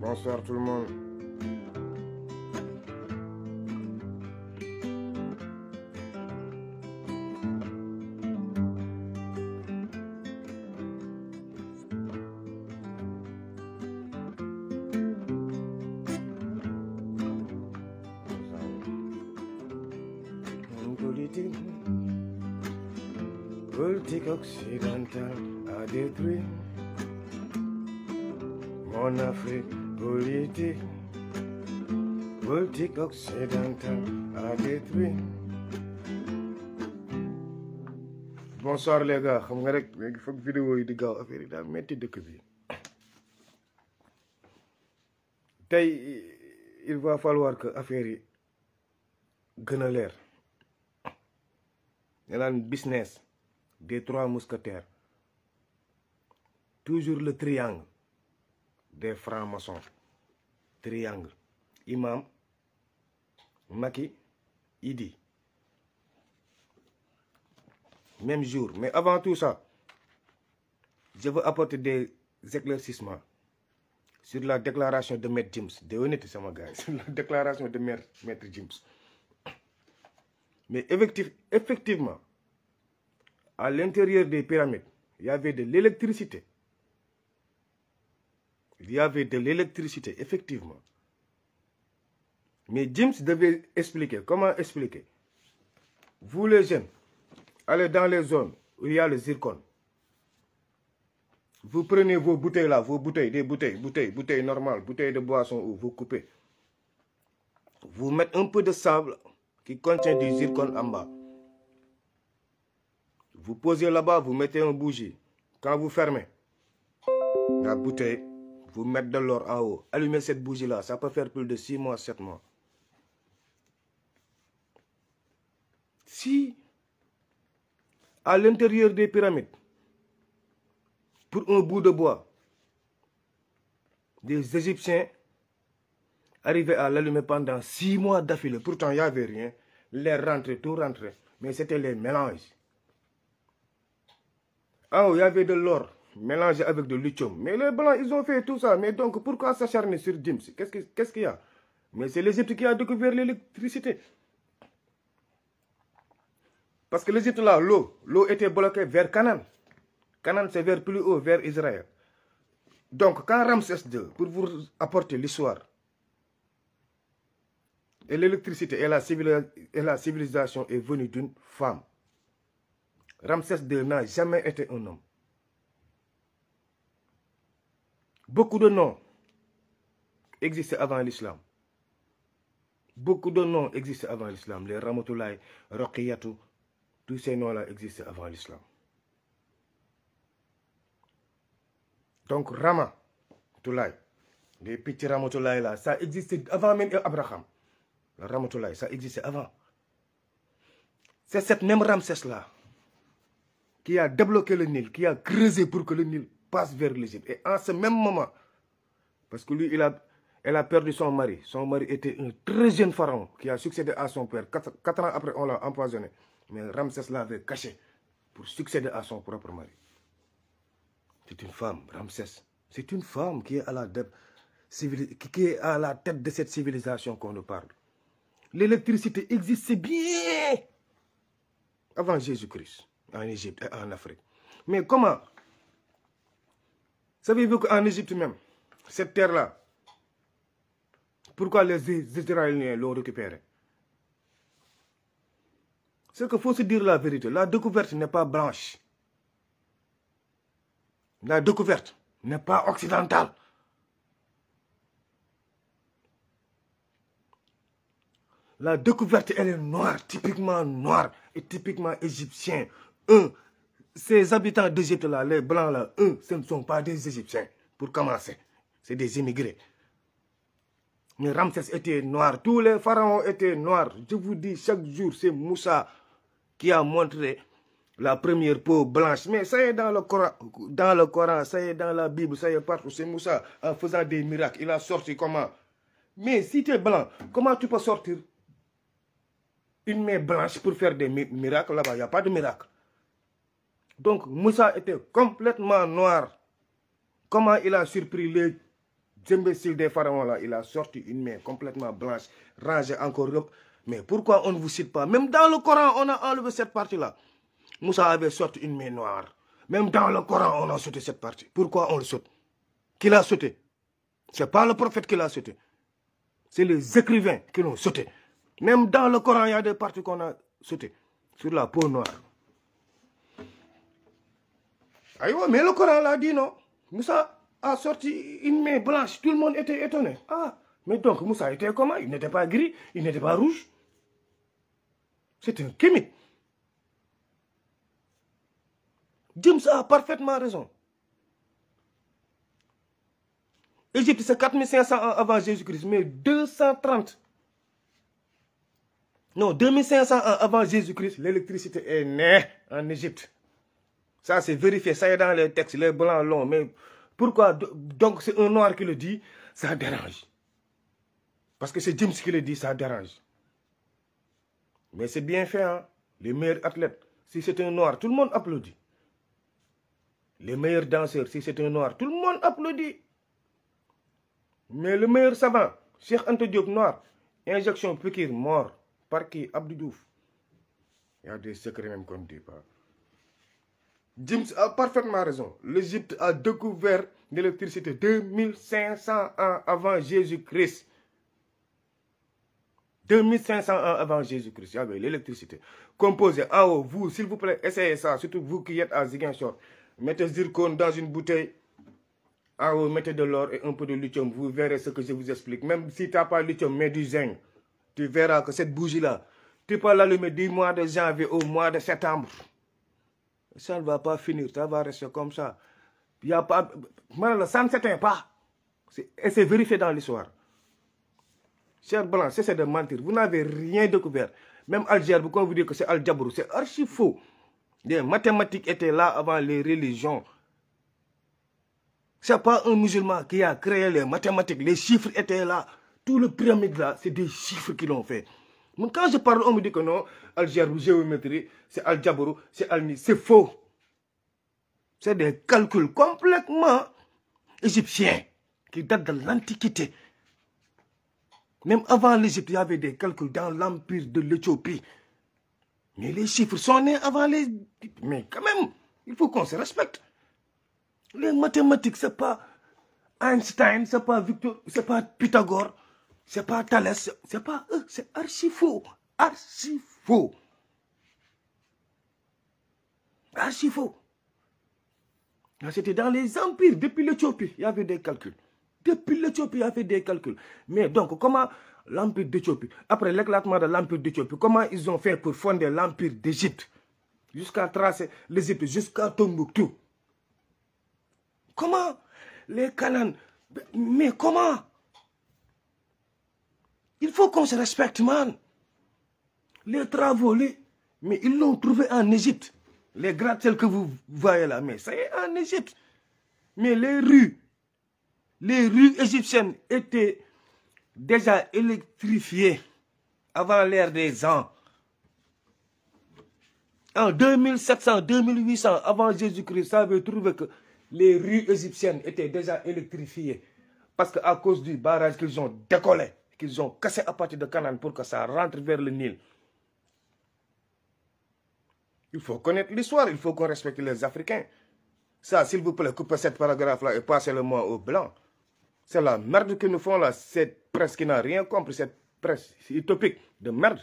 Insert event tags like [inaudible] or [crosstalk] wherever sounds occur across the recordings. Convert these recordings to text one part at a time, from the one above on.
Bonsoir tout le monde. Politique, politique occidentale a détruit mon Afrique. Politik, politik occidentale a détruit. bonsoir les gars xam nga rek léegi foog vidéo yi di gaaw affaire yi daal metti dëkk bi tey il va falloir que affaire yi gën a leer. ñu naan business des trois mousquetaires toujours le triangle des francs-maçons triangle imam Macky Idi même jour mais avant tout ça je veux apporter des éclaircissements sur la déclaration de maître James déwénati sama gars [laughs] sur la déclaration de maître maître James mais effective effectivement à l'intérieur des pyramides il y avait de l'électricité il y avait de l'électricité effectivement mais James devait expliquer comment expliquer vous les jeunes allez dans les zones où il y a le zircon vous prenez vos bouteilles là vos bouteilles des bouteilles bouteilles bouteilles normales bouteilles de boisson ou vous coupez vous mettez un peu de sable qui contient du zircon en bas vous posez là-bas vous mettez un bougie quand vous fermez la bouteille vous mettre de l'or en haut. Allumez cette bougie-là, ça peut faire plus de 6 mois, 7 mois. Si, à l'intérieur des pyramides, pour un bout de bois, des Égyptiens arrivaient à l'allumer pendant 6 mois d'affilée, pourtant il n'y avait rien, les rentrées, tout rentrait, mais c'était les mélanges. En haut, il y avait de l'or. mélangé avec de lithium. Mais les Blancs, ils ont fait tout ça. Mais donc, pourquoi s'acharner sur Dims Qu'est-ce qu'il qu qu y a Mais c'est l'Égypte qui a découvert l'électricité. Parce que l'Égypte, là, l'eau, l'eau était bloquée vers Canaan. Canaan, c'est vers plus haut, vers Israël. Donc, quand Ramsès II, pour vous apporter l'histoire, et l'électricité et, et la civilisation est venue d'une femme. Ramsès de n'a jamais été un homme. Beaucoup de noms existaient avant l'islam. Beaucoup de noms existaient avant l'islam. Les Ramatoulaye, Roqiyatou, tous ces noms-là existaient avant l'islam. Donc Rama Toulaye, les petits là, ça existait avant même Abraham. Le Ramatoulaye, ça existait avant. C'est cette même Ramsès là qui a débloqué le Nil, qui a creusé pour que le Nil passe vers l'Égypte. Et en ce même moment, parce que lui, il a, elle a perdu son mari. Son mari était un très jeune pharaon qui a succédé à son père. Quatre, quatre ans après, on l'a empoisonné. Mais Ramsès l'avait caché pour succéder à son propre mari. C'est une femme, Ramsès. C'est une femme qui est, à la de... qui est à la tête de cette civilisation qu'on nous parle. L'électricité existait bien avant Jésus-Christ, en Égypte et en Afrique. Mais comment Savez-vous qu'en Égypte même, cette terre-là, pourquoi les Israéliens l'ont récupérée C'est que faut se dire la vérité. La découverte n'est pas blanche. La découverte n'est pas occidentale. La découverte, elle est noire, typiquement noire et typiquement égyptienne. ces habitants d'Égypte là les blancs la eux ce ne sont pas des Égyptiens pour commencer c'est des immigrés mais Ramsès était noir tous les pharaons étaient noirs je vous dis chaque jour c'est Moussa qui a montré la première peau blanche mais ça y dans le Coran dans dans la Bible ça y est partout c'est Moussa en faisant des miracles il a sorti comment mais si tu es blanc comment tu peux sortir une main blanche pour faire des miracles là-bas il n'y a pas Donc Moussa était complètement noir. Comment il a surpris les imbéciles des pharaons là Il a sorti une main complètement blanche, rangée encore. Mais pourquoi on ne vous cite pas Même dans le Coran, on a enlevé cette partie-là. Moussa avait sorti une main noire. Même dans le Coran, on a sauté cette partie. Pourquoi on le saute Qui l'a sauté C'est pas le prophète qui l'a sauté. C'est les écrivains qui l'ont sauté. Même dans le Coran, y a des parties qu'on a sautées. Sur la peau noire. aywa mais le Coran l'a dit non Moussa a sorti une main blanche tout le monde était étonné ah mais donc Moussa était comment il n'était pas gris il n'était pas rouge c'est un kémite James a parfaitement raison Égypte c'est 4500 ans avant Jésus-Christ mais 230 non 2500 ans avant Jésus-Christ l'électricité est née en Égypte Ça, c'est vérifié. Ça est dans les textes, les blancs longs. Mais pourquoi Donc, c'est un noir qui le dit, ça dérange. Parce que c'est James qui le dit, ça dérange. Mais c'est bien fait, hein? Les meilleurs athlètes, si c'est un noir, tout le monde applaudit. Les meilleurs danseurs, si c'est un noir, tout le monde applaudit. Mais le meilleur savant, Cheikh Ante Diop noir, injection piqûre mort, par qui Abdou Diouf. Il y a des secrets même qu'on dit James a parfaitement raison. L'Égypte a découvert l'électricité 2500 ans avant Jésus-Christ. 2500 ans avant Jésus-Christ, il y avait l'électricité. Composée en haut, vous, s'il vous plaît, essayez ça, surtout vous qui êtes à Ziguinchor. Mettez zircon dans une bouteille. En haut, mettez de l'or et un peu de lithium. Vous verrez ce que je vous explique. Même si tu n'as pas de lithium, mets du zinc. Tu verras que cette bougie-là, tu peux l'allumer du mois de janvier au mois de septembre. ça ne va pas finir ça comme ça y' a pas ma ne la ça ne s'éteint pas et c'est vérifié dans l'histoire cher Blanc cessez de mentir vous n'avez rien découvert même Algérie bu convenu que c'est Al Jabrou c'est archi faux les mathématiques étaient là avant les religions c'est pas un musulman qui a créé les mathématiques les chiffres étaient là tout le pyramide là c'est des chiffres qui l'ont fait Moi, quand je om on me dit que non, algèbre, géométrie, c'est aljabrou, c'est alni. C'est faux. C'est des calculs complètement égyptiens qui datent de l'Antiquité. Même avant l'Égypte, il y avait des calculs dans l'empire de l'Éthiopie. Mais les chiffres sont nés avant les... Mais quand même, il faut qu'on se respecte. Les mathématiques, c'est pas Einstein, c'est pas Victor, c'est pas Pythagore. c'est pas Thalès c'est pas eux c'est archi faux archi faux archi faux ah, c'était dans les empires depuis l'Éthiopie il y avait des calculs depuis l'Éthiopie il y avait des calculs mais donc comment l'empire d'Éthiopie après l'éclatement de l'empire d'Éthiopie comment ils ont fait pour fonder l'empire d'Égypte jusqu'à tracer l'Égypte jusqu'à Tombouctou comment les Canaan mais comment faut qu'on se respecte man les travaux li mais ils l'ont trouvé en Égypte les gratte-ciel que vous voyez là mais ça y est en Égypte mais les rues les rues égyptiennes étaient déjà électrifiées avant l'ère des ans en 2700 2800 avant Jésus-Christ ça veut trouver que les rues égyptiennes étaient déjà électrifiées parce que à cause du barrage qu'ils ont décollé qu'ils ont cassé à partir de Canaan pour que ça rentre vers le Nil. Il faut connaître l'histoire, il faut qu'on respecte les Africains. Ça, s'il vous plaît, coupez cette paragraphe-là et passez le mois au blanc. C'est la merde que nous font là, cette presse qui n'a rien compris, cette presse utopique de merde.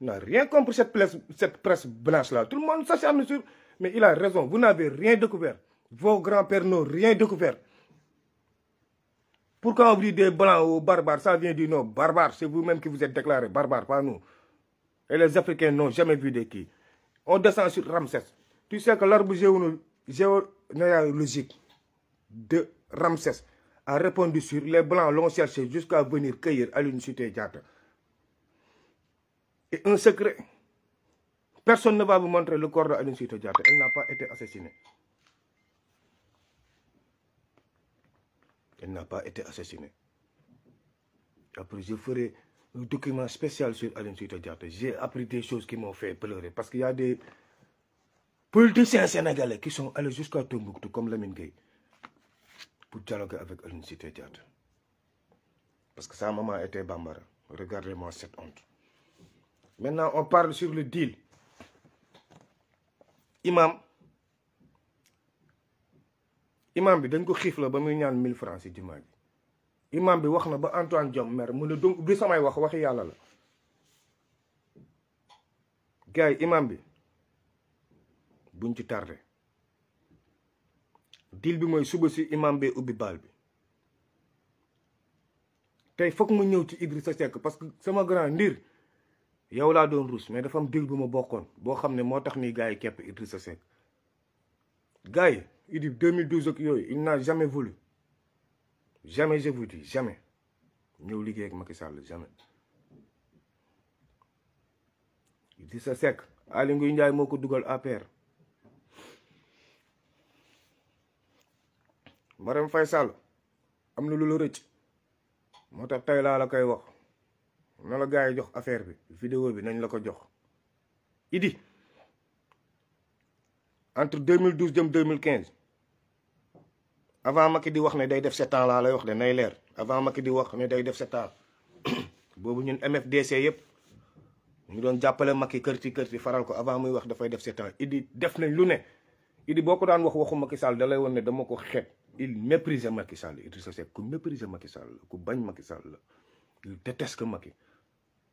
N'a rien compris cette presse, cette presse blanche-là. Tout le monde s'acharne sur... Mais il a raison, vous n'avez rien découvert. Vos grands-pères n'ont rien Pourquoi on dit des blancs aux barbares Ça vient du nom barbare. C'est vous-même qui vous êtes déclaré barbare, pas nous. Et les Africains n'ont jamais vu de qui. On descend sur Ramsès. Tu sais que l'arbre géologique de Ramsès a répondu sur les blancs l'ont cherché jusqu'à venir cueillir à l'université Diata. Et un secret. Personne ne va vous montrer le corps de l'université Diata. Elle n'a pas été assassinée. elle n'a pas été assassinée. Après, je ferai un document spécial sur Aline Suite J'ai appris des choses qui m'ont fait pleurer. Parce qu'il y a des politiciens sénégalais qui sont allés jusqu'à Tombouctou, comme Lamine Gueye, pour dialoguer avec Aline Suite Parce que sa maman était Bambara. Regardez-moi cette honte. Maintenant, on parle sur le deal. Imam, imam bi dañ ko xiif la ba muy ñaan mille francs ci jumaa ji imam bi wax na ba Antoine Diome maire mu ne donc du samay wax waxi yàlla la gars yi imam bi buñ ci tardé dil bi mooy suba si imam bee ubbi baal bi tey foog mu ñëw ci sa Seck parce que sama grand ndir yow laa doon ruus mais dafam am dil bu ma bokkoon boo xam ne moo tax ni gars yi kepp Idrissa Seck gars yi Idi 2012 ak yooyu il n'a jamais voulu jamais je vous dis jamais ñëw liggéey ak Macky Sall jamais. Idrissa Seck Aly Ngouille Ndiaye moo ko dugal APR. Marème Faye Sall am na lu la rëcc moo tax tey laa la koy wax na la gars jox affaire bi vidéo bi nañ la ko jox Idi entre 2012 jëm 2015 avant Macky di wax ne day def sept ans la lay wax de nay leer avant Macky di wax ne day def sept ans [clears throat] boobu ñun MFDC yëpp ñu doon jàppale Macky kërti kërti faral ko avant muy wax dafay def sept ans Idi def nañ lu ne Idi boo ko daan wax waxu Macky Sall da lay woon ne dama ko xeeb il méprise Macky Sall Idrissa Seck ku méprise Macky Sall la ku bañ Macky Sall la il déteste Macky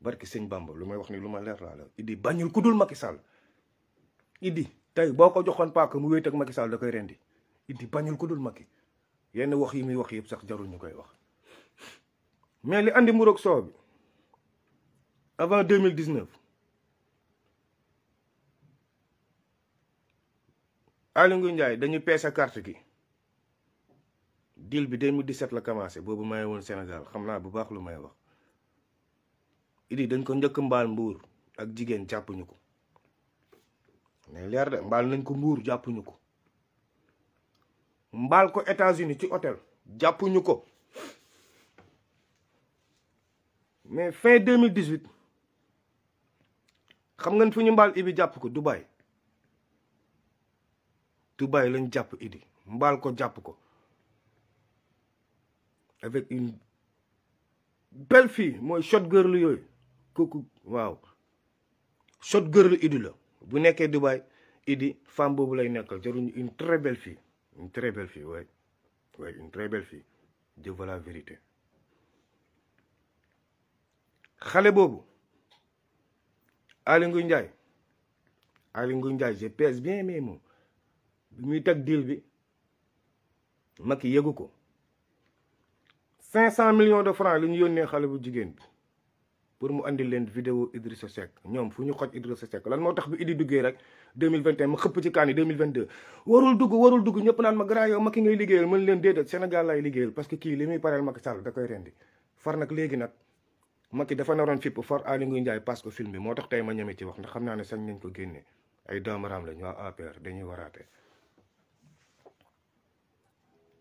barki sëñ Bamba lu may wax nii lu ma leer laa la Idi bañul ku dul Macky Sall Idi tey boo ko joxoon paaka mu wéet ak Macky Sall da koy rendi Idi bañul ku dul Macky yenn wax yi muy wax yëpp sax jarul koy wax mais li andi mburoog soow bi avant deux mille dix-neuf Aly Ndiaye dañu peese carte gi deal bi 2017 la commencé boobu may woon Sénégal xam naa bu baax lu may wax idi dañ ko njëkk mbaal mbuur ak jigéen jàppuñu ko mais leer de mbaal nañ ko mbuur jàppuñu ko mbaal ko États-Unis ci hôtel jàppuñu ko mais fin 2018 xam ngeen fu ñu mbaal Ibi jàpp ko Dubaï Dubaï lañ jàpp Idi mbaal ko jàpp ko avec une belle mooy shot girl yooyu kooku waaw shot girl Idi la bu nekkee Dubaï Idi femme boobu lay nekkal jaruñu une très belle fille Une très belle fille, oui. Oui, une très belle fille. Dieu vérité. xale boobu Aly Ngouille Ndiaye Aly Ngouille Ndiaye je bien mais moom bi muy teg deal bi Macky yëgu ko cinq cent millions de francs li ñu yónnee xale bu jigéen bi pour mu andi leen vidéo Idrissa Seck ñoom fu ñu xoj Idrissa Seck lan moo tax bi Idi duggee rek 2021 ma xëpp ci kaan yi 2022 warul dugg warul dugg ñëpp naan ma grand yow Macky ngay liggéeyal mën leen déedéet Sénégal laay liggéeyal parce que kii li muy pareel Macky Sall da koy rendi far nag léegi nag Macky dafa naroon fipp far Aly Ngouille Ndiaye pass ko film bi moo tax tey ma ñeme ci wax ndax xam naa ne sañ nañ ko génne ay daamaraam lañ waa APR dañuy waraate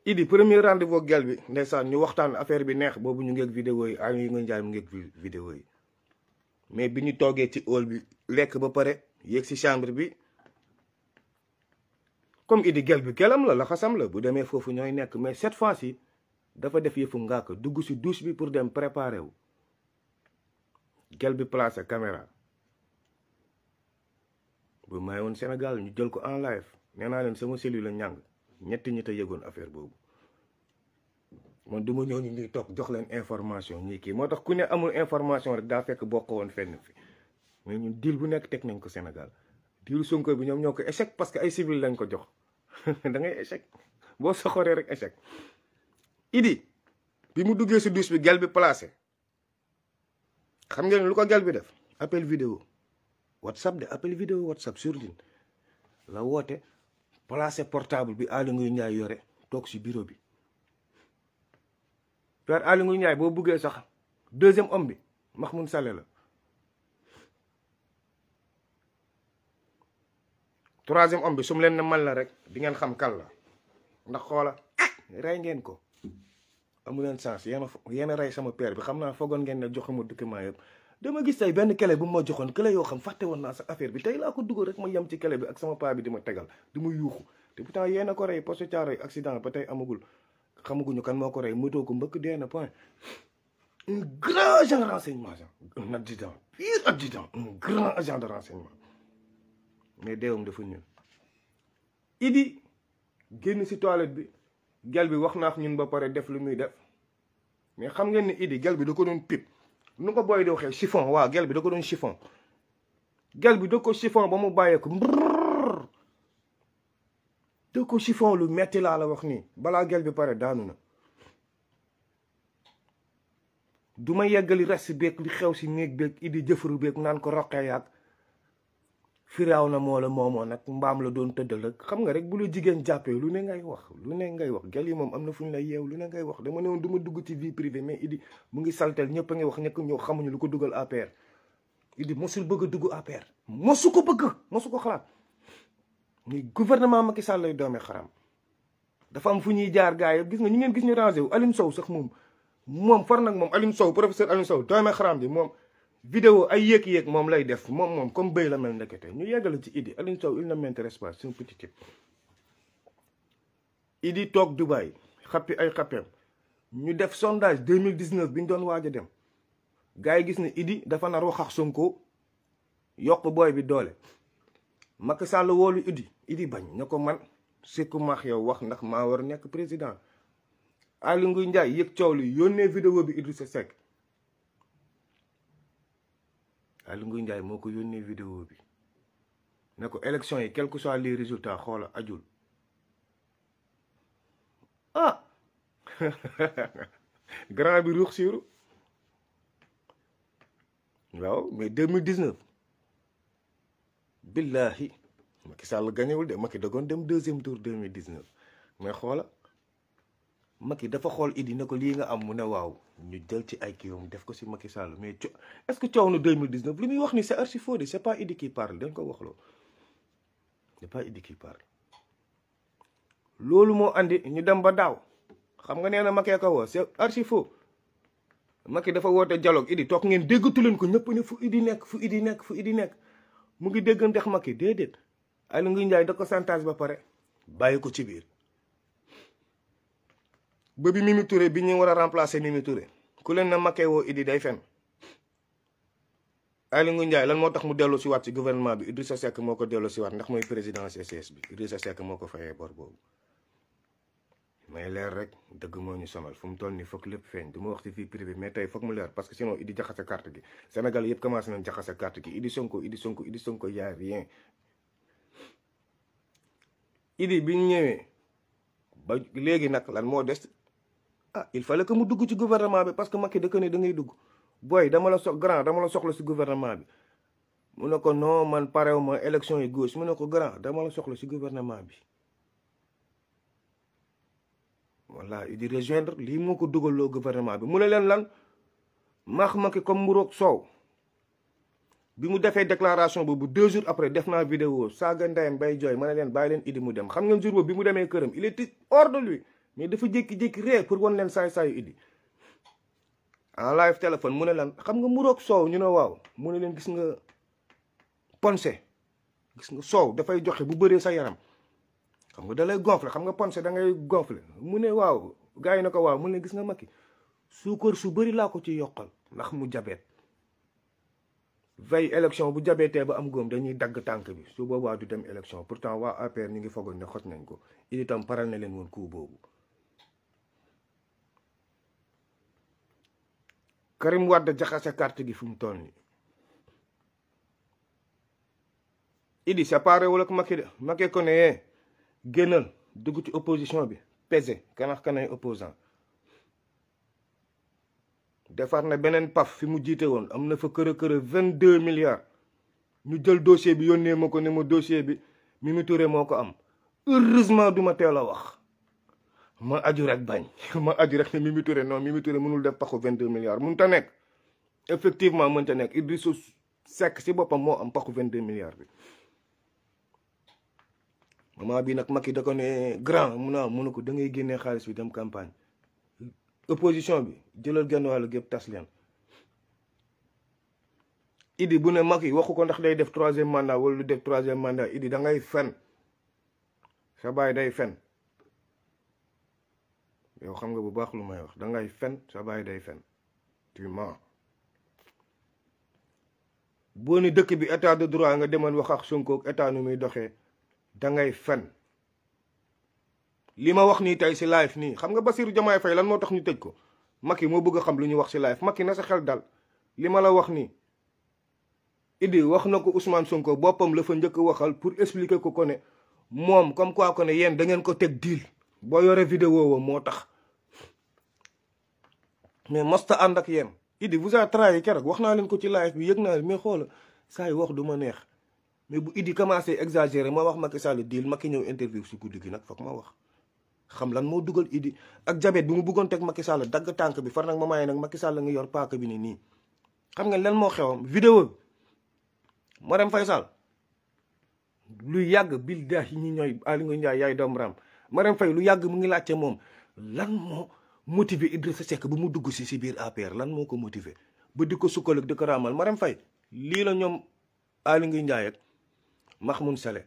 Idi premier rendez-vous ak gel ne ndeysaan ñu waxtaan affaire bi neex boobu ñu ngeeg vidéo yi Aly Ngouille yi mais bi ñu toogee ci hall bi lekk ba pare yéeg si chambre bi comme idi gel bi gelam la laxasam la bu demee foofu ñooy nekk mais cette fois ci dafa def yëfu ngàkk dugg si douche bi pour dem préparer wu gel bi placé caméra bu may woon Sénégal ñu jël ko en live nee naa leen sama cellule la ñàng ñetti ñi a yëgoon affaire boobu man du ma ñëw ñu ñuy toog jox leen information ñii kii moo tax ku ne amul information rek daa fekk bokk woon fenn fi mais ñun deal bu nekk teg nañ ko Sénégal deal Sonko bi ñoom ñoo ko échec que ay civil lañ ko jox [laughs] da ngay échec boo soxoree rek échec idi bi mu duggee si douche bi gel bi placé xam ngeen lu ko gel bi def appel vidéo whatsapp de appel vidéo whatsapp sur la woote placé portable bi Aly Ngouille Ndiaye yore toog si bureau bi père Aly Ngouille Ndiaye boo buggee sax deuxième om bi Mahmoud Saleh la troisième homme bi su leen ne man la rek di ngeen xam kan la ndax xoola ah, rey ngeen ko amu leen sens yéen a yéen a rey sama père bi xam naa foogoon ngeen ne ma joxuma document yëpp dama gis tey benn kele bu ma joxoon kele yoo xam fàtte woon naa sa affaire bi tey laa ko dugal rek ma yem ci kele bi ak sama paa bi di ma tegal di ma yuuxu te pourtant yéen ko rey poste caaroy accident ba tey amagul xamaguñu kan moo ko rey moto ko mbëkk dee na point un grand agent de renseignement un adjudant pire adjudant un grand agent de renseignement mais deewam dafa ñun idi génn si toilette bi gel bi wax naa ñun ba pare def lu muy def mais xam ngeen ne idi gel bi da ko doon pip nu ko boy di waxee chiffon waa gel bi da ko doon chiffon gel bi da ko chiffon ba mu bàyyeeku mbrrr da ko chiffon lu metti laa la wax nii balaa gel bi pare daanu na duma ma yeggali res beeg li xew si néeg beeg idi jëfaru beeg naan ko roqee yaag firaw na moo la moomoon nag mbaam la doon tëddal rek xam nga rek bu la jigéen jàppee lu ne ngay wax lu ne ngay wax gel yi moom am na fu ñu la yeew lu ne ngay wax dama ne woon du ma dugg ci vie privée mais Idi ngi saltel ñëpp a ngi wax nekk ñoo xamuñu lu ko dugal APR Idi mosul bëgg a dugg APR ko bëgg mosu ko xalaat ni gouvernement Macky Sall lay doomee xaram dafa am fu ñuy jaar gaa yi gis nga ñu ngeen gis ñu rangé wu Alioune Sow sax moom moom far nag moom Alioune Sow professeur Alioune Sow doomee xaram bi moom vidéo ay yéeg-yéeg moom lay def moom moom comme bay la mel ndekete ñu yeggala ci Idi Alioune Sow il ne m'intéresse pas c'est un petit type toog Dubaï xappi ay xappeem ñu def sondage 2019 bi ñu doon waaj dem gars yi gis ne Idi dafa nar waxax Sonko yokk booy bi doole Macky Sall woolu Idi Idi bañ na ko man sikku maax yow wax ndax maa war nekk président Aly Ngouille Ndiaye yëg coow li yónnee vidéo bi sa Seck Aly Ngouille Ndiaye moo ko yónnee vidéo bi ne ko élection yi quel que soit les résultats xoola ajul ah [laughs] grand bi ruux siiru waaw mais 2019 billahi Macky Sall gañewul de Macky dagoon dem deuxième tour mille 2019 mais xoola Macky dafa xool Idi ne ko lii nga am mu ne waaw ñu jël ci ay kiiwam def ko si Macky Sall mais co est-ce que coow na 2019 li muy wax ni c'est archi faux de c'est pas Idi qui parle dañ ko waxloo Idi qui parle loolu moo indi ñu dem ba daaw xam nga nee na Macky ko woo c'est archi faux Macky dafa woote dialogue Idi toog ngeen déggatu leen ko ñëpp fu Idi nekk fu Idi nekk fu Idi nekk mu ngi dégganteex Macky déedéet Aly Ngouille Ndiaye da ko chantage ba pare bàyyi ko ci biir ba bi mi Touré bi ñu war a remplacer Mimi Touré ku leen na makkee woo Idi day fen Aliou Ndiaye lan moo tax mu dellu si waat ci gouvernement bi Idrissa Seck moo ko dellu si waat ndax mooy président CCS bi Idrissa Seck moo ko fayee bor boobu may leer rek dëgg moo ñu somal fu mu toll nii foog lépp feeñ du wax ci fii privé mais tey foog mu leer parce que sinon Idi jaxase carte gi Sénégal yëpp commencé nañ jaxase carte gi a rien Idi bi léegi nag lan moo des ah il fallait que mu dugg ci gouvernement bi parce que Macky da ko ne da ngay dugg booy dama la sox dama la soxla si gouvernement bi mu ne ko non man parew ma élection yi gauche mu ne ko grand dama la soxla si gouvernement bi voilà il di rejoindre lii moo ko dugaloo gouvernement bi mu ne leen lan maax Macky comme mburoog soow bi mu defee déclaration boobu deux jours après def naa vidéo saaga ndeyam bay jooy ma ne leen bàyyi leen idi mu dem xam ngeen jour boobu bi mu demee këram il était hors de lui mais dafa jékki-jékki réer pour wan leen saay-saayu Idy en live téléphone mu ne lan xam nga mu soow ñu ne waaw mu ne leen gis nga ponse gis nga soow dafay joxe bu bëree sa yaram xam nga dalay lay gonfle xam nga ponse da ngay gonfle mu ne waaw gars yi ne ko waaw mu ne gis nga Macky suukar su bëri laa ko ci yokkal ndax mu jabeet veille élection bu jabeetee ba am góom dañuy dagg tànk bi su boobaa du dem pour pourtant waa APR ñu ngi fogoon ne xoj nañ ko Idy paral na leen woon coup boobu Karim Wade jaxase carte gi fu mu toll nii Idi sa pare wala ko Macky de Macky ko ne yee eh, dugg ci opposition bi pese kanax kanay opposant defar na beneen paf fi mu jiite woon am na fa kër kër vingt deux milliards ñu jël dossier bi yónnee ma ko ne ma dossier bi Mimi Touré moo ko am heureusement du teel a wax ma aju rek bañ [laughs] ma aju rek ne Mimi Touré non Mimi mënul def paxu 22 milliards mënut a nekk effectivement mënut ta nekk Idrissa sekk si boppam moo am paxu 22 milliards bi. moment bi nag Macky da ko ne grand mun a mun ko da ngay génnee xaalis bi dem campagne opposition bi jëlal genn wàll gépp tas leen. Idi bu ne Macky waxu ko ndax day def troisième mandat wala lu def troisième mandat Idi da ngay fen sa baay day fen. yow xam nga bu baax lu may wax dangay fen sa bàyyi day fen tu mens boo ni dëkk bi état de droit nga demal wax ak Sonko ak muy doxee dangay fen li ma wax nii tey si live nii xam nga Bassirou Diomaye fay lan moo tax ñu tëj ko Macky moo bëgg xam lu ñu wax si live Macky na sa xel dal li ma la wax nii Idi wax na ko Ousmane Sonko boppam la fa njëkk waxal pour expliquer ko ko ne moom comme quoi ne yéen da ngeen ko teg deal boo yore vidéo woo moo tax mais mosta ànd ak yéen Idy vous a trahi keroog wax naa leen ko ci live bi yëg naa leen mais xoola saa yi wax du ma neex mais bu Idy commencé exagéré ma wax Macky Sall diil Macky ñëw interview si guddi gi nag foog ma wax xam lan moo dugal Idy ak jabet bi mu bëggoon teg Macky Sall dagg tànk bi far nag ma maye nag Macky Sall nga yor paaka bi ni nii xam nga lan moo xewam vidéo Marème Faye Sall lu yàgg bil daa yi ñu ñooy Aly Ngouille Ndiaye yaay doom ram Marème Faye lu yàgg mu ngi laajte moom lan motiver sa Seck ba mu dugg si si biir APR lan moo ko motiver ba di ko sukkal ak di ko raamal Marème fay lii la ñoom Aly Ngouille Ndiaye max Mahmoud Saleh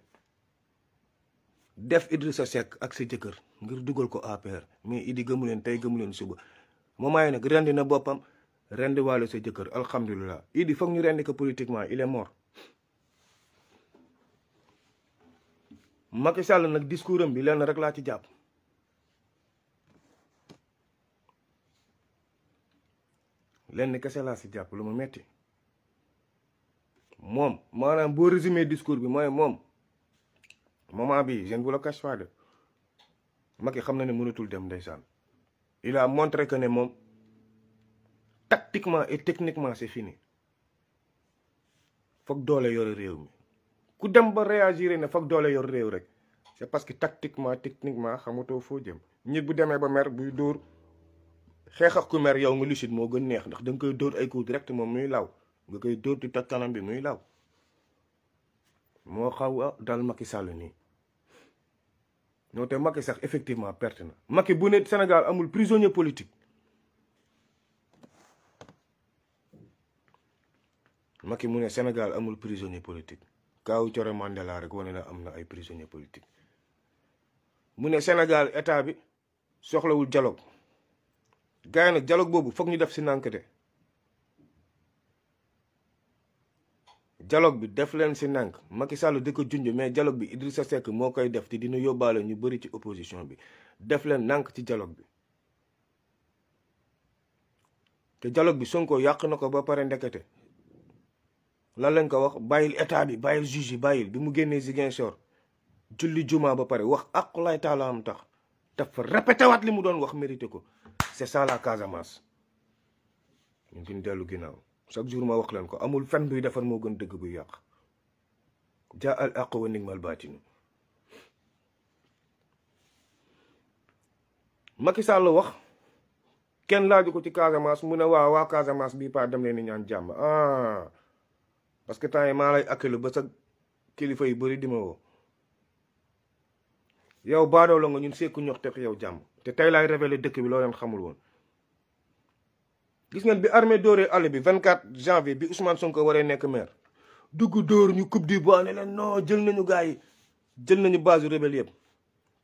def sa Seck ak sa jëkkër ngir dugal ko APR mais idi gëmu tey gëmu leen suba moment may nag rend na boppam rendi waale sa jëkkër alhamdulilah idi foog ñu rendi ko politiquement il est mort Macky Sall nag discours am bi lenn rek laa ci jàpp lenn kese laa si jàpp lu ma metti moom maanaam boo résumé discours bi mooy moom moment bi je ne vous le cache pas xam na ne mënatul dem ndeysaan il a montré que ne moom tactiquement et techniquement c'est fini foog doole yore réew mi ku dem ba réagir ne foog doole yor réew rek c'est parce que tactiquement techniquement xamatoo foo jëm nit bu demee ba mer buy dóor xeex ak ku mer yow nga moo gën neex ndax da koy dóor ay coups direct moom muy law nga koy dóor di toj kanam bi muy law moo xaw a dal Macky Sall nii ñoo te Macky sax effectivement perte na makki bu ne Sénégal amul prisonnier politique Macky mu ne Sénégal amul prisonnier politique kaaw Thioré Mandela rek wane na am na ay prisonnier politique mu ne Sénégal état bi soxlawul dialogue gars yi nag boobu foog ñu def si nànkate jaloog bi def leen si nànk Macky Sall di junj mais dialogue bi sa Seck moo koy def te dina yóbbaale ñu bari ci opposition bi def leen nànk ci dialogue bi te dialogue bi Sonko yàq na ko ba pare ndekete lan lañ ko wax bàyyil état bi bàyyil juge yi bàyyil bi mu génnee Ziguinchor julli juma ba pare wax aqulay taala am tax dafa répété li mu doon wax mérité ko c'est ça la Casamance ñu ngi dellu ginnaaw chaque jour moo wax leen ko amul fen buy defar moo gën dëgg buy yàq ja al àq wa nigmal baatinu Macky Sall wax kenn laaju ko ci Casamance mu ne waaw waa Casamance bii paa dem leen ni ñaan jàmm ah parce que temps yi maa lay akkalu ba sa kilifa yu bëri di ma yow baadoo la nga ñun sekku ñox te yow jàmm te tey laay révélé dëkk bi loo leen xamul woon gis ngeen bi armée dooree àll bi 24 janvier bi Ousmane Sonko waree nekk maire dugg dóor ñu coupe du bois ne leen non jël nañu gaa yi jël nañu base rebelle yëpp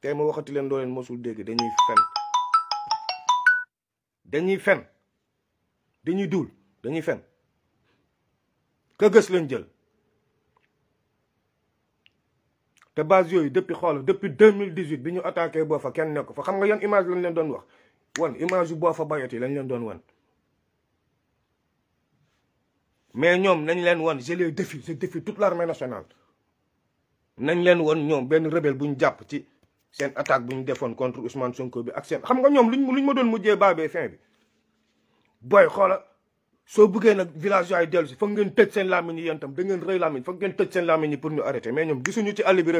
tey ma waxati leen doo mosul dégg dañuy fen dañuy fen dañuy duul dañuy fen ka gës leen jël te yooyu depuis xoolal depuis deux mille dix huit bi ñu attaqué boo fa kenn nekk fa xam nga yan image lañ leen doon wax wan image boo fa bayot yi lañ leen doon wan mais ñoom nañ leen wan je les défie je défie toute l'armée nationale nañ leen wan ñoom benn rebelle bu ñu jàpp ci seen attaque bu ñu defoon contre Ousmane Sonko bi ak seen xam nga ñoom luñ luñ ma doon mujjee baabee fin bi booy xoola soo bëggee nag village yi dellu si foog ngeen tëj seen làmmiñ yi yéen tam da ngeen rëy làmmiñ foog ngeen tëj seen làmmiñ yi pour ñu arrêté mais ñoom gisuñu ci àll bi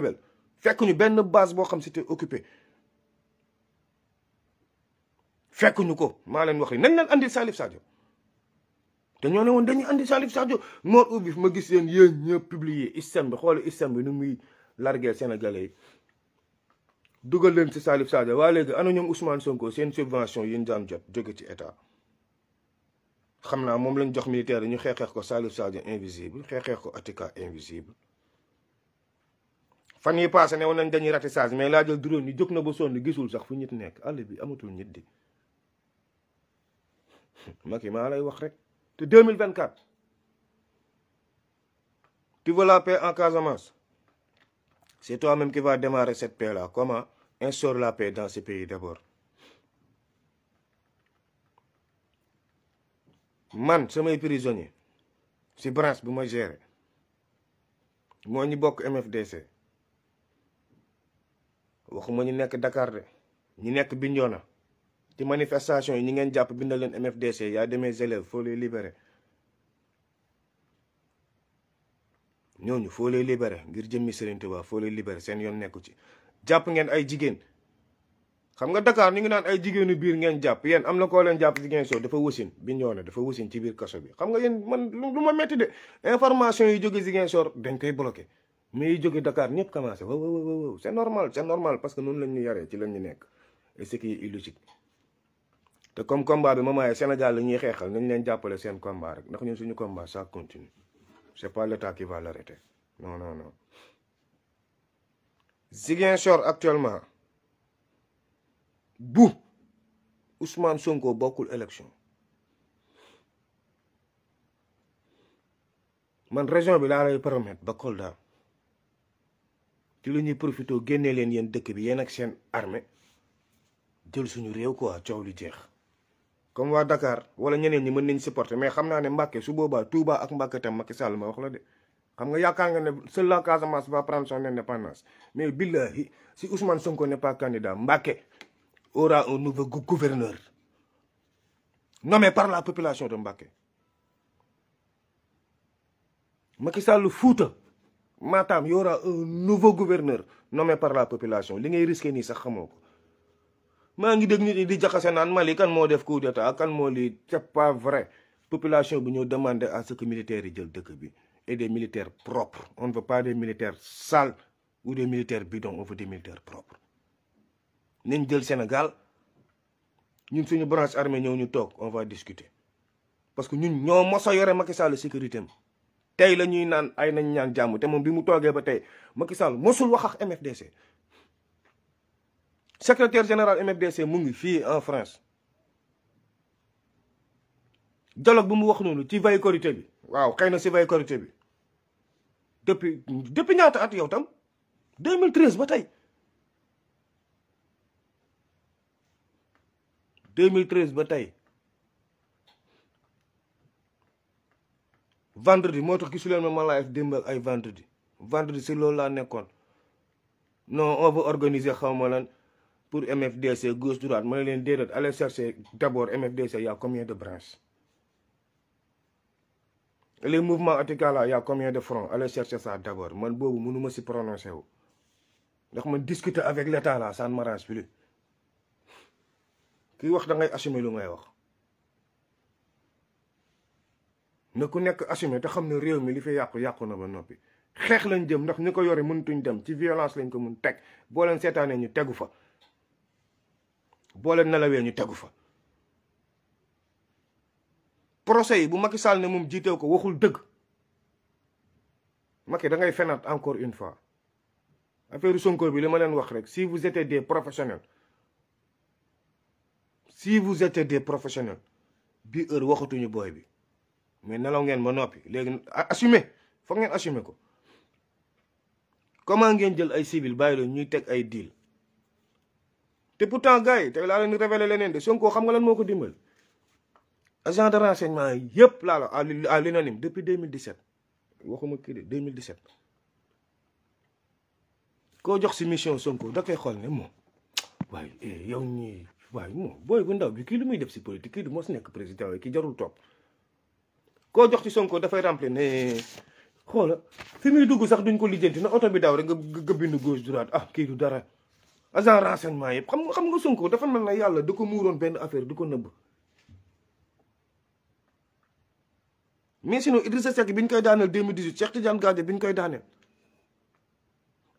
ñu benn base boo xam si te occupé fekk ñu ko maa leen wax yi nañ leen indi Salif Sadio te ñoo ne woon dañuy andi Salif Sadio noor ubbi ma gis leen yéen ñëpp publier système bi xool système bi nu muy largué Sénégalais yi dugal leen si Salif Sadio waa léegi ana ñoom Ousmane Sonko seen subvention yi ñu daan jot jóge ci état xam naa moom lañ jox militaire ñu ñu xeex ko Salif Sadio invisible xeexeex ko Atika invisible fan yi passé ne woon nañ dañuy ratissage mais laa jël drone yi jóg na ba sonn gisul sax fu ñit nekk àll bi amatul ñit di [laughs] Macky maa lay wax rek te 2024 tu veux la paix en Casamance c'est toi-même qui va démarrer cette paix là comment instaure la paix dans ce pays d'abord man samay prisonnier ci branche bu ma géré moo ñu bokk MFDC waxuma ñu nekk Dakar de ñu nekk Bignona di manifestation yi ñi ngeen jàpp bindal leen MFDC yaa demee élèves faut libere ñoo ñooñu faut libere ngir jëmmi Serigne Touba faut les libérer seen yoon nekku ci jàpp ngeen ay jigéen xam nga Dakar ñu ngi naan ay jigéenu biir ngeen jàpp yéen am na koo leen jàpp jigéen soo dafa wasin bi ñëw ne dafa wasin ci biir kaso bi xam nga yéen man lu ma metti de information yi jóge Ziguinchor dañ koy bloqué mais yi jóge dakaar ñëpp commencé waaw waaw waaw c'est normal parce que noonu lañ ñu yaree ci lañ ñu nekk et ce qui est illogique te comme combat bi moment yi Sénégal la ñuy xeexal nañ leen jàppale seen combat rek ndax ñu suñu combat ça continue c'est pas l'état qui va l'arrêter non non non Ziguinchor actuellement bu Ousmane Sonko bokkul élection man région bi laa lay permettre ba Kolda ci la ñuy profité génnee leen yéen dëkk bi yéen ak seen armée jël suñu réew quoi coow li jeex. comme waa Dakar wala ñeneen ñi mën nañ supporter mais xam naa ne Mbacke su boobaa Touba ak Mbacke tam Macky Sall ma wax la de xam nga yaakaar nga ne seul la Casamance va prendre son indépendance mais billahi si Ousmane Sonko n'est pas candidat Mbacke. aura un nouveau gouverneur nommé par la population de Mbacké Macky Sall Fouta Matam y aura un nouveau gouverneur nommé par la population li ngay risqué nii sax xamoo ko maa ngi dégg nit ñi di jaxase naan Mali kan moo def coup d'état kan moo lii c'est pas vrai population bu ñëw demandé à ce que militaires yi jël dëkk bi et des militaires propres on ne veut pas des militaires sales ou des militaires bidons on veut des militaires propres nañ jël Sénégal ñun suñu branche armée ñëw ñu toog on va discuter parce que ñun ñoo mos a yore Macky Sall sécurité am tey la ñuy naan ay nañ ñaan jàmm te moom bi mu toogee ba tey Macky Sall mosul wax ak MFDC. secretaire général MFDC mu ngi fii en France dialogue bu mu wax noonu ci veille Korité bi waaw xëy na si veille bi depuis depuis ñaata at yow tam 2013 ba tey. 2013 ba tey vendredi moo tax gisuleen ma ma live démb ay vendredi vendredi si loolu laa nekkoon non on organiser xaw ma lan pour MFDC gauche droite ma ne leen déedéet allez chercher d'abord MFDC y a combien de branches les mouvements atikala là y a combien de fronts allez chercher ça d'abord man boobu mënuma si prononcer wu ndax man discuter avec l'état là ça ne plus kuy wax da ngay assumer lu ngay wax na ku nekk assumer te xam ne réew mi li fi yàqu yàqu na ba noppi xeex lañ jëm ndax ñu ko yore mëntuñ dem ci violence lañ ko mun teg boo leen seetaanee ñu tegu fa boo leen nelawee ñu tegu fa procès yi bu Macky Sall ne moom jiitew ko waxul dëgg Macky da ngay fenaat encore une fois affaire Sonko bi li ma leen wax rek si vous étiez des professionnel si vous êtes des professionnels bi heure waxatuñu booy bi mais nelaw ngeen ma noppi léegi assumer foog ngeen assumer ko comment ngeen jël ay civil bàyyi la ñuy teg ay deal te pourtant gars yi tey laa leen révélé leneen de Sonko xam nga lan moo ko dimbal agent de renseignement yëpp laa la à l'unanime depuis 2017 waxuma kii de 2017 koo jox si mission Sonko da koy xool ne moom waaye eh, yow ñii waaye moom booy bu ndaw bi kii lu muy def si politique kii du si nekk président ki kii jarul topp koo jox ci Sonko dafay remplir ne xoola fi muy dugg sax duñ ko lijjanti na oto bi daw rek nga bindu gauche droite ah kii du dara agent renseignement yëpp xam nga xam nga Sonko dafa mel na yàlla du ko muuroon benn affaire du ko nëbb mais sinon Idrissa Seck bi ñu koy daaneel 2018 Cheikh Tidiane Gadio bi ñu koy daaneel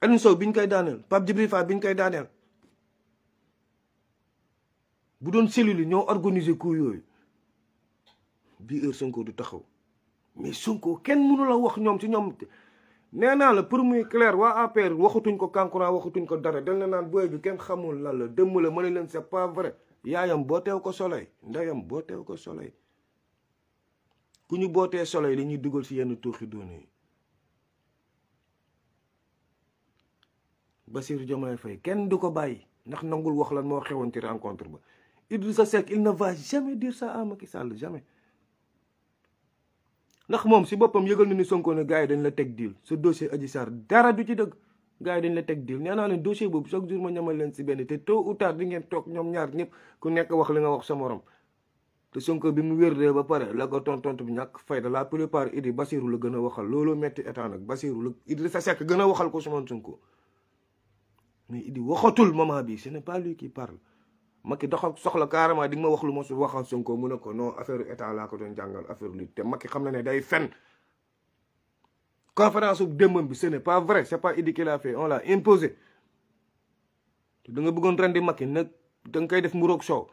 Alioune Sow bi ñu koy daaneel Pape Djibril Fall bi ñu koy daaneel bu doon cellules yi ñoo organiser ku yooyu bii heure Sonko du taxaw mais Sonko kenn mënu wax ñoom ci ñoom nee naa la pour muy claire waa APR waxatuñ ko kankuran waxatuñ ko dara dañ la naan booy bi kenn xamul lan la dëmm la ma leen c'est pas vrai yaayam teew ko soleil ndeyam teew ko soleil ku ñu bootee soleil dañuy dugal ci yenn tuuxi doone yi Bassirou Diomaye Faye kenn du ko bàyyi ndax nangul wax lan moo xewoon ci rencontre ba Idrissa Seck il ne va jamais dire ça à Macky jamais ndax moom si boppam yëgal na ni Sonko ne gars yi dañ la teg deal sa dossier Adji Sarr dara du ci dëgg gars yi dañ la teg deal nee naa ne dossier boobu chaque jour ma ñamal leen si benn te tôt ou tard di ngeen toog ñoom ñaar ñëpp ku nekk wax li nga wax sa morom te Sonko bi mu wérdee ba pare la ko tontontu bi ñàkk fay fayda la plupart idi Basirou la gën a waxal looloo metti état nag Basirou la Idrissa Seck gën a waxal ko Ousmane Sonko mais idi waxatul moment bi ce n'est pas lui qui Macky doxal soxla carrément di nga ma wax lu ma su waxal Sonko mu ne ko non affaire état laa ko doon jàngal affaire lutte te Macky xam na ne day fen conférence bi ce n'est pas vrai c'est pas Idy qui l'a fait imposé te da nga bëggoon rendi Macky nag da nga koy def muroog soow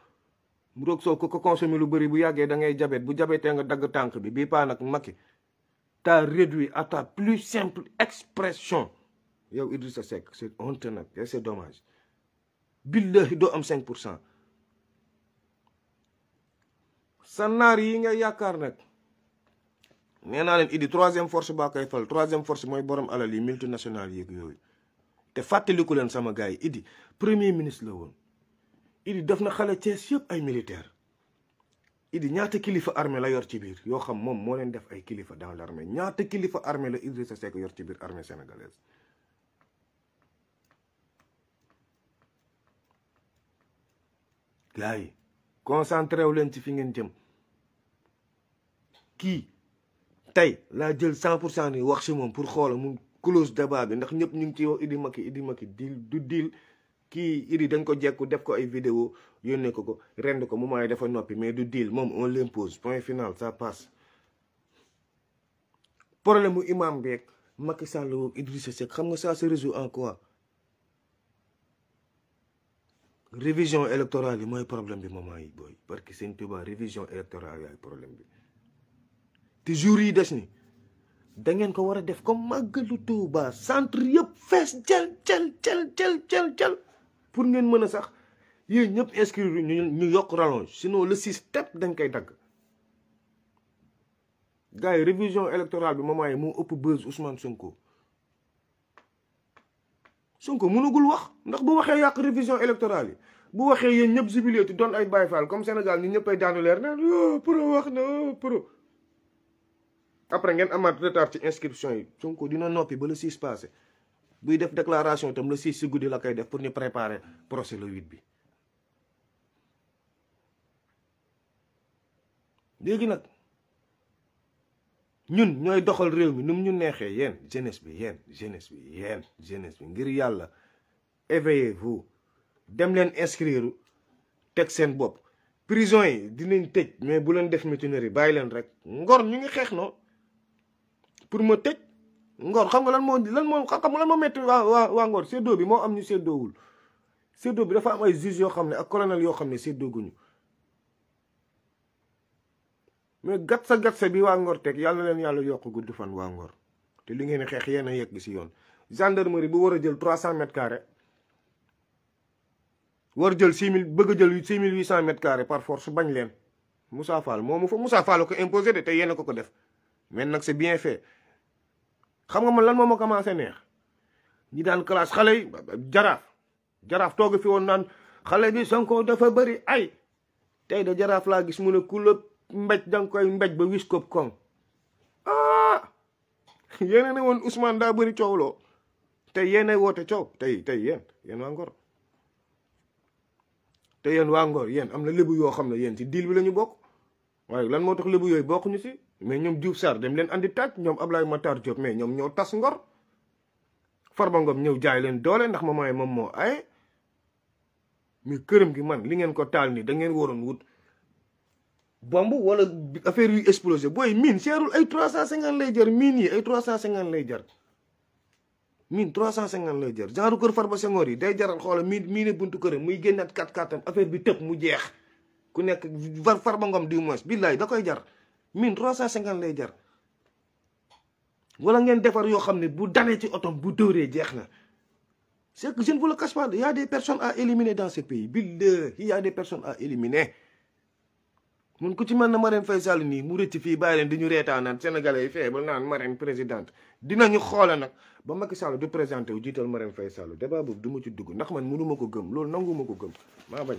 muroog soow ku ko consommer lu bëri bu yàggee da ngay jabet bu jabetee nga dagg tànk bi bii paa nag Macky t'as réduit à ta plus simple expression yow Idrissa Seck c'est honte nag c'est dommage billahi doo am cinq pour cent sa naar yi nga yaakaar nag nee naa leen idi troisième force baa koy fal troisième force mooy borom alal yi nationale yeeg yooyu te fàttaliku leen sama gars yi idi premier ministre la woon idi def na xale Cees yëpp ay militaire idi ñaata kilifa armée la yor ci biir yoo xam moom moo leen def ay kilifa dans l' ñaata kilifa armée la Idrissa Seck yor ci biir armée sénégalaise gars yi concentré wu leen ci fi ngeen jëm kii tey laa jël cent pour cent ni wax si moom pour xoola mu close débat bi ndax ñëpp ñu ngi ci wax Idi Macky Idi Macky dil du dil kii Idi dañ ko jekku def ko ay vidéo yónnee ko ko rend ko moment yi dafa noppi mais du dil moom on l'impose point final ça passe problème mu imam beeg Macky Sall woo Idrissa Seck xam nga ça se résout en quoi révision électorale bi mooy problème bi moment yi booy parce que sëñ Tuubaa révision électorale yaay problème bi te jours yi des ni da ngeen ko war a def comme màggalu Tuubaa centre yëpp fees jël jël jël jël jël jël pour ngeen mën a sax yéen ñëpp inscrire ñu ñu yokk rallonge sinon le système dañ koy dagg gars yi révision électorale bi moment yi moo ëpp buzz Ousmane Sonko Sonko mënagul wax ndax bu waxee yàq révision électorale yi bu waxee yéen ñëpp jubileetu doon ay Baye Fall comme Sénégal ñu ñëppay daanu leer naan yo pro wax na pro après ngeen amaat retard ci inscription yi Sonko dina noppi ba le 6 passé buy def déclaration itam le 6 si guddi la koy def pour ñu préparer procès le 8 bi léegi nag ñun ñooy doxal réew mi nu mu ñu neexee yéen jeunesse bi yéen jeunesse bi yéen jeunesse bi ngir yàlla éveillez vous dem leen inscrire teg seen bopp prison yi dinañ tëj mais bu leen def mutinerie bàyyi leen rek ngor ñu ngi xeex noo pour ma tëj ngor xam nga lan moo lan moo xam lan moo métti waa waa waa ngor séddoo bi moo am ñu séddoowul séddoo bi dafa am ay juges yoo xam ne ak colonel yoo xam ne séddooguñu mais gatsa gatsa bi waa Ngor teg yàlla leen yàlla yokk gudd fan waa Ngor te li ngeen xeex yéen a yegg si yoon gendarmerie bu war a jël trois cent mètres carrés war jël six mille bëgg a jël six mille huit cent mètres carrés par force bañ leen Moussa Fall moomu fa Moussa Fall ko imposé de te yéen ko ko def mais nag c'est bien fait xam nga ma lan moom ma commencé neex ñi daan classe xale yi jaraaf jaraaf toog fi woon naan xale bi Sonko dafa bëri ay tey da jaraaf laa gis mu ne ku mbéj da nga koy mbéj ba wis ko koŋ yeneen ah! yéen ne woon Ousmane daa bari coow loo te yéen woote coow tey tey yéen yéen waa Ngor te yen waa yéen am na lébu yoo xam ne yéen ci dil bi lañu bokk waaye lan moo tax lebu yooyu bokkuñu si mais ñoom Diouf saar dem leen andi taaj ñoom ab Ablaye Matar Diop mais ñoom ñoo tas Ngor Farba Ngom ñëw jaay leen doole ndax ma may moom moo ay mais këram gi man li ngeen ko taal nii da ngeen waroon wut bomb wala affaire yu explosé booy mine seerul ay trois cent cinquante lay jar mine yi ay trois cent cinquante lay jar mine trois cent cinquante lay jar genre kër Farba Senghor yi day jaral xoola mine mine buntu këram muy génnaat kat katam affaire bi tëb mu jeex ku nekk Farba Ngom du moins billaay da koy jar mine trois cent cinquante lay jar wala ngeen defar yoo xam ne bu danee ci otom bu dóoree jeex na c'est que je ne vous le des personnes à éliminer dans ce pays billaay il y a des personnes à éliminer mun ku ci mën na Marème Faye Sall nii mu rëcc fii bàyyi leen di ñu reetaan naan sénégalais yi feebal naan Marème présidente dinañu xoola nag ba Macky Sall du présenté wu jiital Marème Faye Sall débat boobu du ma ci dugg ndax man ma ko gëm loolu nanguma ko gëm maa bañ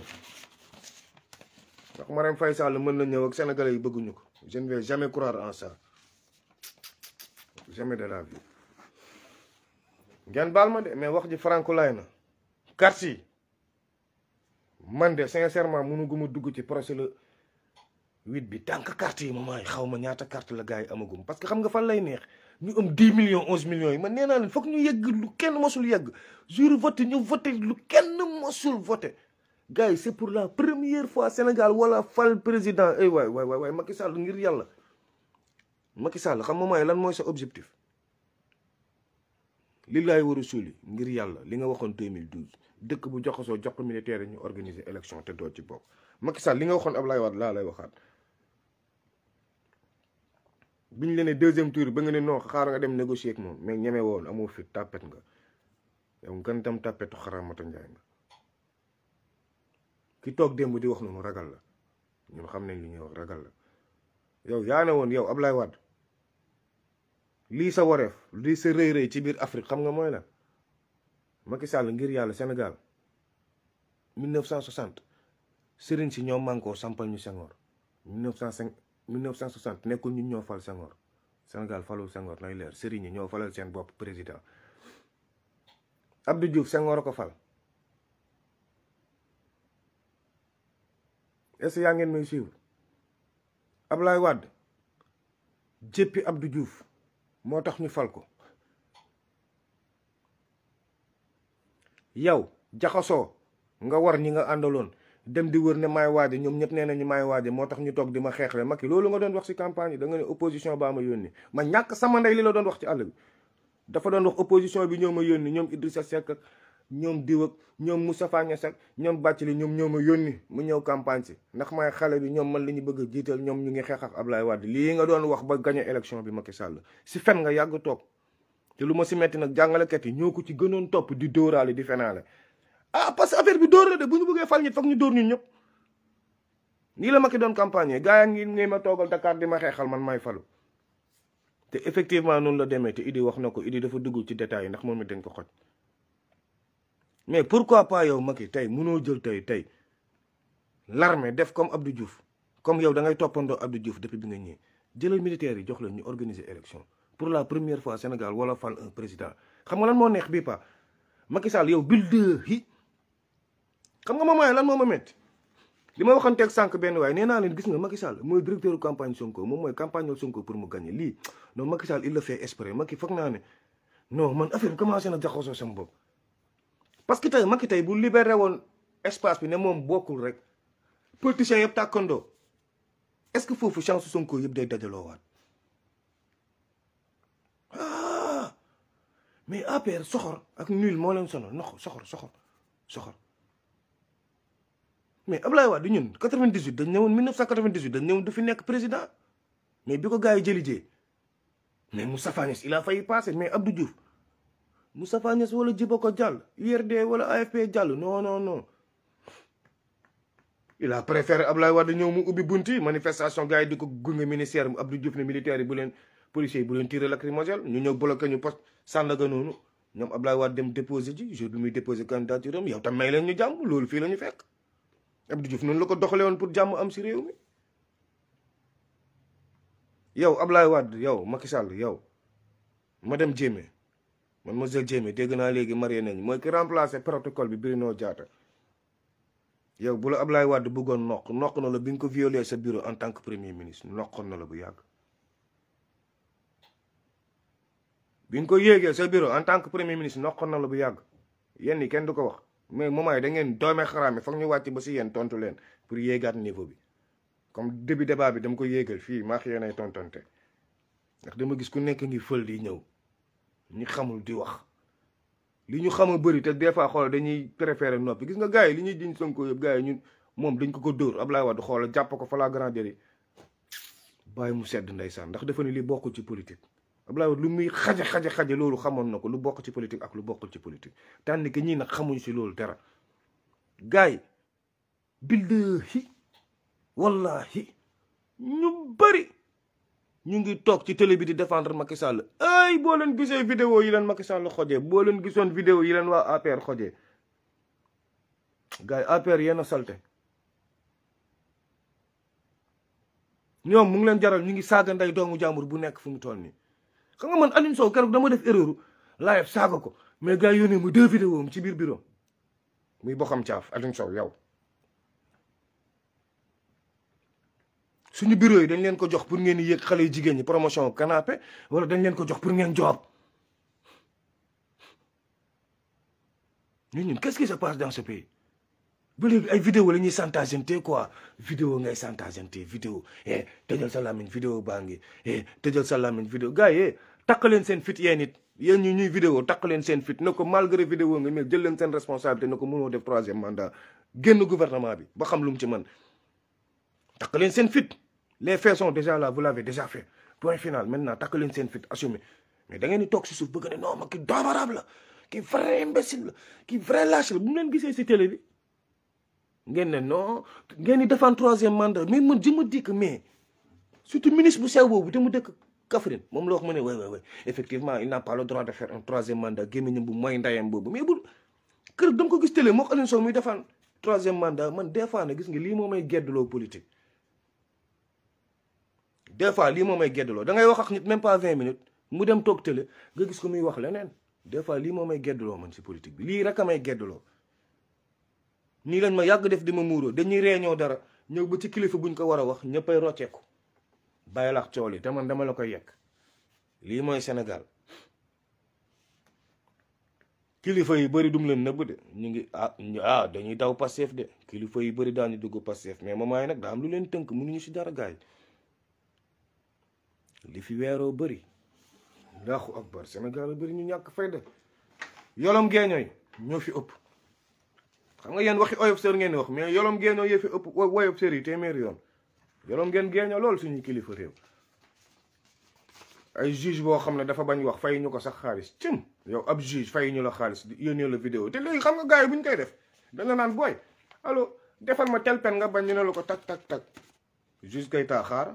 ndax Marème Faye Sall mën na ñëw ak sénégalais yi bëgguñu ko je ne vais jamais croire en ça jamais de la vie ngeen baal ma de mais wax ji franco lay na karsi man de sincèrement mënu guma dugg ci procès huit bi tànk carte yi ma maay xaw ma ñaata carte la gars yi amagum parce que xam nga fan lay neex ñu am dix millions onze millions yi man nee naa leen foog ñu yegg lu kenn mosul yegg jour vote ñu vote lu kenn mosul vote gars yi c'est pour la première fois Sénégal wala fal président ay eh, waay waay waay waay Sall ngir yàlla Macky Sall xam nga maay lan mooy sa objectif li laay war a suuli ngir yàlla li nga waxoon 2012 dëkk bu joxasoo jox ko militaire ñu organiser élection te ci bokk Macky Sall li nga waxoon Ablaye Wade laa lay waxaat bi ñu la ne deuxième tour ba nga ne non xaar nga dem négocier ak moom mais ñeme woon amoo fit tàppet nga yow nga tam tàppetu xaraamata njaay nga ki toog démb di wax noonu ragal la ñun xam nañ li ñuy wax ragal la yow yaa ne woon yow Ablaye Wade lii sa wareef lii sa rëy-rëy ci biir Afrique xam nga mooy la Macky Sall ngir yàlla Sénégal 1960 sëriñ si ñoom mànkoo sampal ñu 1960 nekkul ñu ñoo fal Senghor Sénégal falul Senghor lay leer sëriñ ñi ñoo falal seen bopp président abdu Diouf Senghor a ko fal est yaa ngeen may suivre Ablaye Wade jéppi abdu Diouf moo tax ñu fal ko yow jaxasoo nga war ñi nga àndaloon dem di wër ne maay waaje ñoom ñett nee nañu maay waaje moo tax ñu toog di ma xeexle Macky loolu nga doon wax ci campagne nga ne opposition baa ma ñàkk sama ndey li la doon wax ci àll bi dafa doon wax opposition bi ñoo ma yónni ñoom Idrissa Seck ak ñoom diw ak ñoom Moustapha Niasse ak ñoom Bathily ñoom ñoo ma yónni mu ñëw campagne si ndax maay xale bi ñoom man li ñu bëgg a jiital ñoom ñu ngi xeexal ak Ablaye Wade lii nga doon wax ba gagné élection bi Macky Sall si fen nga yàgg toog te lu ma si metti nag jàngalekat yi ñoo ko ci gënoon topp di dóoraale di fenaale ah parce que affaire bi dóor la de bu ñu bëggee fal ñit foog ñu dóor ñun ñëpp nii la ma doon campagne gaa yaa ngi ngay ma toogal Dakar di ma xeexal man maay falu te effectivement noonu la demee te Idi wax na ko Idi dafa dugg ci détails yi ndax moom it dañ ko xoj mais pourquoi pas yow Macky tey munoo jël tey tey l'armée def comme Abdou juuf comme yow da ngay toppandoo Abdou Diouf depuis bi nga ñëwee jëlal militaires yi jox leen ñu organiser élection pour la première fois Sénégal wala fal président xam nga lan moo neex bii pa Macky Sall yow bill deux xam nga moom mooy lan moo ma métti li ma waxanteeg sànq benn waaye nee naa leen gis nga Macky Sall mooy directeur campagne Sonko moom mooy campagne Sonko pour mu gagné lii non Macky Sall il le fait espérer Macky foog naa ne non man affaire bi commencé na jaxasoo sama bopp. parce que tey Macky tey bu libéré woon espace bi ne moom bokkul rek politiciens yëpp tàkkandoo est-ce que foofu chance Sonko yëpp day dajaloowaat ah! mais APR soxor ak nul moo leen sonal nox soxor soxor soxor. mais Ablaye Wade ñun 98 dañ ñëwoon 1998 dañ ñëwoon du fi nekk président mais bi ko gars yi jëli jee mais Moustapha Niasse il a failli passer mais Abdou Diouf Moustapha Niasse wala Djibo ko jàll URD wala AFP jàll non non non il a préféré Ablaye Wade ñëw mu ubbi bunti manifestation gars yi di ko gunge ministère Abdou Diouf ne militaire yi bu leen policier yi bu leen tiré lacrymogène ñu ñëw bloqué ñu poste Sandaga noonu ñoom Ablaye Wade dem déposé ji jour bi muy jàmm loolu fii la ñu fekk Abdou Diouf noonu la ko doxale woon pour jàmm am si réew mi yow Ablaye Wade yow Macky Sall ma dem Diémé man ma jël Diémé dégg naa léegi marié nañ mooy ki remplacé protocole bi Bruno Diatta yow bu la Ablaye Wade bëggoon noq noq na la bi nga ko violé sa bureau en tant que premier ministre noqoon na la bu yàgg bi nga ko yéegee sa bureau en tant que premier ministre noqoon na la bu yàgg yenn yi kenn du ko wax mais moment yi da ngeen doome xaraam yi foog ñu wàcc ba si yéen tontu leen pour yéegaat niveau bi comme début débat bi dama ko yéegal fii maax yéen ay tontante ndax dama gis ku nekk ngi fël di ñëw ñu xamul di wax li ñu xamul bëri te des fois xool dañuy préféré noppi gis nga gars yi li ñuy jiñ Sonko yëpp gars yi ñun moom dañ ko ko dóor Ablaye xool xoola jàpp ko fa la grandeur bàyyi mu sedd ndey saan ndax dafa ne li bokkul ci politique Abdoulaye lu muy xaja xaja xaja loolu xamoon na ko lu bokk ci politique ak lu bokkul ci politique tànn que ñii nag xamuñ si loolu dara gars yi billahi wallahi ñu bëri ñu ngi toog ci télé bi di défendre Macky Sall ay booleen leen gisee vidéo yi leen Macky Sall xojee boo leen gisoon vidéo yi waa APR xojee gars yi APR yéen salte ñoom mu ngi leen jaral ñu ngi saaga ndey doomu jàmbur bu nekk fu mu toll nii xam nga man Alioune Sow keroog dama def erreur live saaga ko mais gars yi yónnee mu deux vidéos ci biir bureau muy bokkam caaf Alioune Sow yow. suñu biro yi dañ leen ko jox pour ngeen di yéeg xale yu jigéen ñi promotion canapé wala dañ leen ko jox pour ngeen job ñun ñun quest qui se passe dans ce pays ba léegi ay vidéo la ñuy chantageante quoi vidéo ngay chantageante vidéo eh tëjal sa làmmiñ vidéo baa ngi eh tëjal sa làmmiñ vidéo gars yi eh, takk leen seen fit yéen it yéen ñi ñuy vidéo takk leen seen fit na ko malgré vidéo nga mel jël leen seen responsabilité na ko mënoo def troisième mandat génn gouvernement bi ba xam lu mu ci mën takk leen seen fit les faits sont déjà là vous l'avez déjà fait point final maintenant takk leen seen fit assumé mais da ngeen di toog si suuf bëgg ne non ma ki doomarab la ki vrai imbécile la ki vrai lâche la bu mu leen gisee si télé bi ngeen ne non ngeen di défendre troisième mandat mais man je me mais surtout ministre bu boobu te mu dëkk Kaffrine moom la wax mu ne way way way effectivement il n'a pas le droit de faire un troisième mandat gémmiñam bu mooy ndayam boobu mais bu kër dama ko gis télé moo ko Aliou Sow muy defaan troisième des fois na gis nga lii moo may geddaloo des fois lii moo may geddaloo da ngay wax ak nit même pas vingt minutes mu dem toog télé nga gis ko muy wax leneen des fois lii moo may geddaloo man si politique bi lii rek may geddaloo nii lañ ma yàgg def di ma muuroo dañuy réunion dara ñëw ba ci kilifa bu ñu ko war a wax ñëppay rocceeku bàyyi lax coow li te man dama la koy yekk lii mooy Sénégal kilifa yu bëri dum leen nëbb de ñu ngi ah ah dañuy daw Pastef de kilifa yu bëri daañu dugg Pastef mais moment yi nag daa am lu leen tënk mënuñu si dara gaay li fi weeroo bëri ndaxu akbar Sénégal a bëri ñu ñàkk fayda yolom géeñooy ñoo fi ëpp xam nga yéen waxi oyof sër ngeen di wax mais yolom géeñooy yee fi ëpp woyof sër yi téeméeri yoon yoroon ngeen géeñoo loolu suñu kilifa réew ay juge boo xam ne dafa bañ wax fay ñu ko sax xaalis cim yow ab juge fay ñu la xaalis yónnee la vidéo te léegi xam nga gars yi bu ñu koy def danga naan booy allo defal ma tel nga bañ ñu ne la ko tak tak tak juge kay taaxaar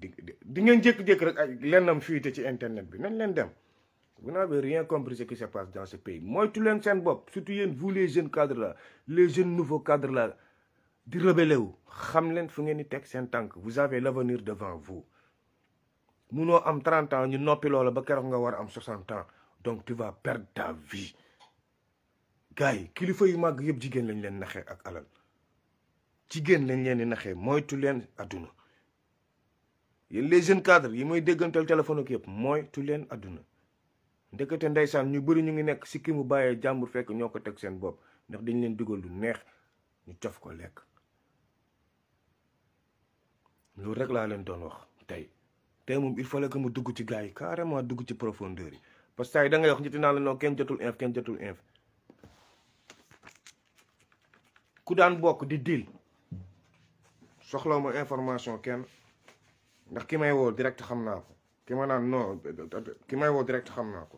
di di ngeen jékki-jékki rek ay lennam fuité ci internet bi nañ leen dem vous n'avez rien compris ce qui se passe dans ce pays moytu leen seen bopp surtout yéen vous les jeune cadres la les jeunes nouveaux cadres là di rebelle wu xam leen fu ngeen di teg seen tànk vous avez l'avenir devant vous munoo am 30 ñu noppiloo la ba keroog nga war a am 60 ans donc tu vas perdre ta vie gars yi kilifa yu màgg yëpp jigéen lañ leen naxee ak alal jigéen lañ leen di naxee moytu leen adduna yéen les jeunes cadres yi mooy déggantal téléphone ak yëpp moytu leen adduna ndekete ndeysaan ñu bëri ñu ngi nekk si ki mu bàyyee jàmbur fekk ñoo ko teg seen bopp ndax dañ leen dugal lu neex ñu cof ko lekk loolu rek laa leen doon wax tey tey moom il fallait que mu dugg ci gaa yi carrément dugg ci profondeur yi parce que saa yi da ngay wax ñiti naa la noo kenn jotul inf kenn jotul inf ku daan bokk di dil soxlaw ma information kenn ndax ki may woo direct xam naa ko ki ma naan ki may woo direct xam naa ko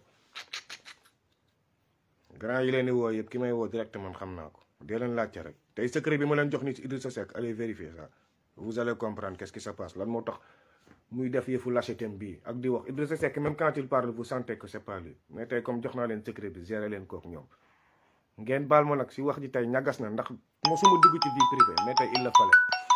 grand yi leen di woo yëpp ki may woo direct xam naa ko dee leen laajte rek tey secret bi ma leen jox ni ci Idrissa Seck allez vérifier ça vous allez comprendre qu'est-ce qui se passe lan moo tax muy def yëfu lâchetem bi ak di wax Idrissa Seck même quand il parle vous sentez que c'est pas lui mais tey comme jox naa leen secret bi gérer leen kook ñoom ngeen baal ma nag si wax ji tey ñagas na ndax mosuma dugg ci vie privée mais tey il la fallait